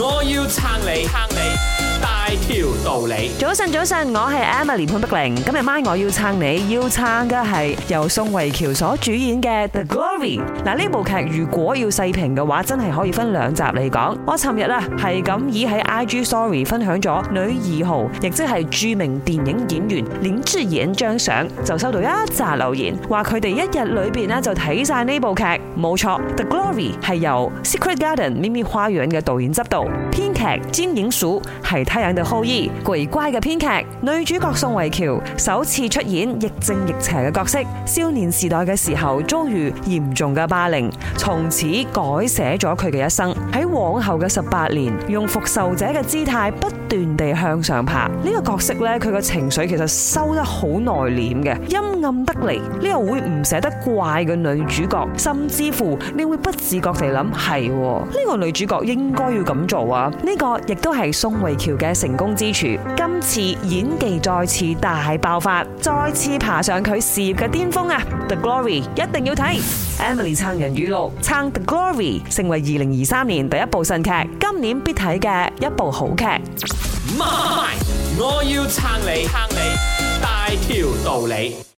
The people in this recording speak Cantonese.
我要撐你撐你大條道理。早晨早晨，我係 Emily 潘碧玲。今日晚我要撐你，要撐嘅係由宋慧喬所主演嘅 The Glory。嗱呢部劇如果要細評嘅話，真係可以分兩集嚟講。我尋日啊係咁以喺 IG Story 分享咗女二號，亦即係著名電影演員林智妍張相，就收到一紮留言，話佢哋一日裏邊呢，就睇晒呢部劇。冇錯，The Glory 係由 Secret Garden 秘密花園嘅導演執導。編劇金恩淑係太陽嘅後裔、鬼怪嘅編劇。女主角宋慧喬首次出演亦正亦邪嘅角色。少年時代嘅時候遭遇嚴重嘅霸凌，從此改寫咗佢嘅一生。喺往後嘅十八年，用復仇者嘅姿態不斷地向上爬，呢個角色呢，佢個情緒其實收得好內斂嘅，陰暗得嚟，你又會唔捨得怪嘅女主角，甚至乎你會不自覺地諗係呢個女主角應該要咁做啊！呢個亦都係宋慧喬嘅成功之處，今次演技再次大爆發，再次爬上佢事業嘅巔峰啊！The Glory 一定要睇。Emily 撐人語錄，撐 The Glory 成為二零二三年第一部新劇，今年必睇嘅一部好劇。MY，我要撐你，撐你大條道理。